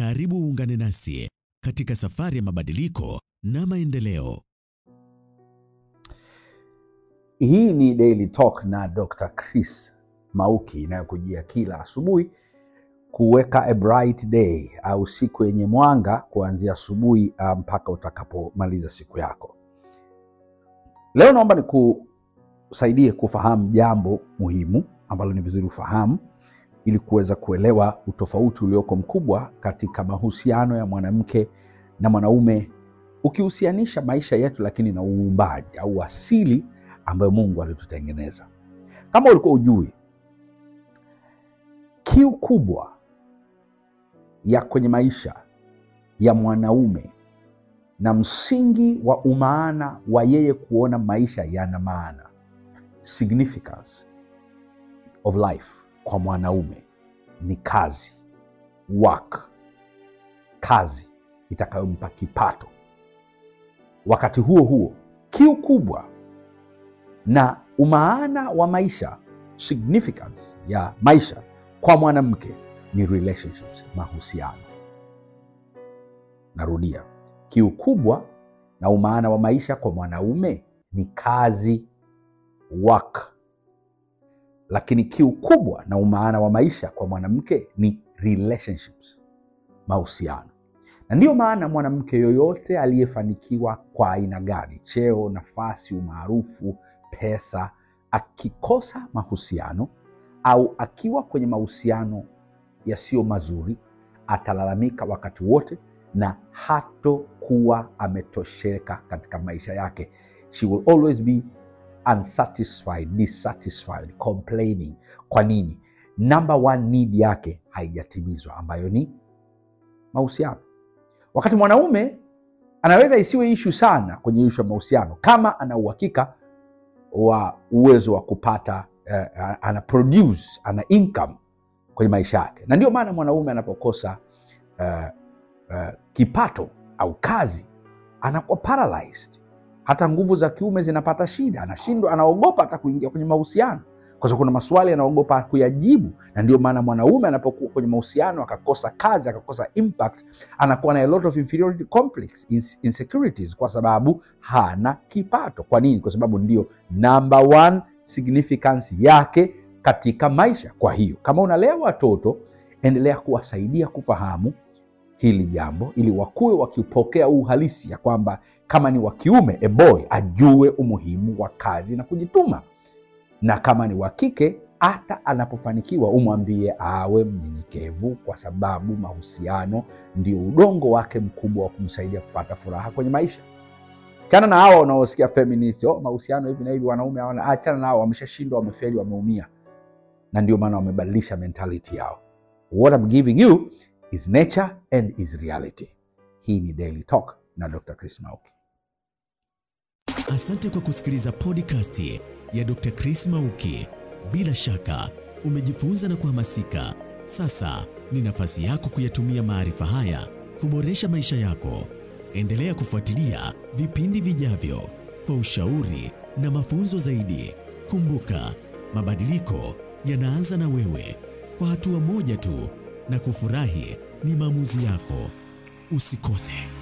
Karibu uungane nasi katika safari ya mabadiliko na maendeleo. Hii ni Daily Talk na Dr. Chris Mauki inayokujia kila asubuhi kuweka a bright day au siku yenye mwanga kuanzia asubuhi ah, mpaka utakapomaliza siku yako. Leo naomba nikusaidie kufahamu jambo muhimu ambalo ni vizuri ufahamu ili kuweza kuelewa utofauti ulioko mkubwa katika mahusiano ya mwanamke na mwanaume, ukihusianisha maisha yetu, lakini na uumbaji au asili ambayo Mungu alitutengeneza. Kama ulikuwa ujui, kiu kubwa ya kwenye maisha ya mwanaume na msingi wa umaana wa yeye kuona maisha yana maana, significance of life kwa mwanaume ni kazi work, kazi itakayompa kipato. Wakati huo huo, kiu kubwa na umaana wa maisha, significance ya maisha kwa mwanamke ni relationships, mahusiano. Narudia, kiu kubwa na umaana wa maisha kwa mwanaume ni kazi work lakini kiu kubwa na umaana wa maisha kwa mwanamke ni relationships, mahusiano. Na ndiyo maana mwanamke yoyote aliyefanikiwa kwa aina gani, cheo, nafasi, umaarufu, pesa, akikosa mahusiano au akiwa kwenye mahusiano yasiyo mazuri, atalalamika wakati wote na hatokuwa ametosheka katika maisha yake. She will always be unsatisfied, dissatisfied, complaining. Kwa nini? Number one need yake haijatimizwa, ambayo ni mahusiano. Wakati mwanaume anaweza isiwe ishu sana kwenye ishu ya mahusiano, kama ana uhakika wa uwezo wa kupata uh, ana produce, ana income kwenye maisha yake, na ndio maana mwanaume anapokosa uh, uh, kipato au kazi anakuwa paralyzed hata nguvu za kiume zinapata shida, anashindwa, anaogopa hata kuingia kwenye mahusiano kwa sababu kuna maswali anaogopa kuyajibu, na ndio maana mwanaume anapokuwa kwenye mahusiano akakosa kazi akakosa impact, anakuwa na a lot of inferiority complex, insecurities, kwa sababu hana kipato. Kwa nini? Kwa sababu ndio number one significance yake katika maisha. Kwa hiyo kama unalea watoto, endelea kuwasaidia kufahamu hili jambo ili wakuwe wakiupokea uhalisi ya kwamba kama ni wa kiume eboy ajue umuhimu wa kazi na kujituma, na kama ni wa kike hata anapofanikiwa umwambie awe mnyenyekevu, kwa sababu mahusiano ndio udongo wake mkubwa wa kumsaidia kupata furaha kwenye maisha. Chana na hawa wanaosikia feminist, oh, mahusiano hivi na hivi, wanaume hawana. Ah, chana na hawa, wameshashindwa, wamefeli, wameumia, na ndio maana wamebadilisha mentality yao. What I'm giving you is nature and is reality. Hii ni Daily Talk na Dr. Chris Mauki. Asante kwa kusikiliza podcast ya Dr. Chris Mauki. Bila shaka umejifunza na kuhamasika. Sasa ni nafasi yako kuyatumia maarifa haya kuboresha maisha yako. Endelea kufuatilia vipindi vijavyo kwa ushauri na mafunzo zaidi. Kumbuka, mabadiliko yanaanza na wewe, kwa hatua moja tu na kufurahi ni maamuzi yako. Usikose.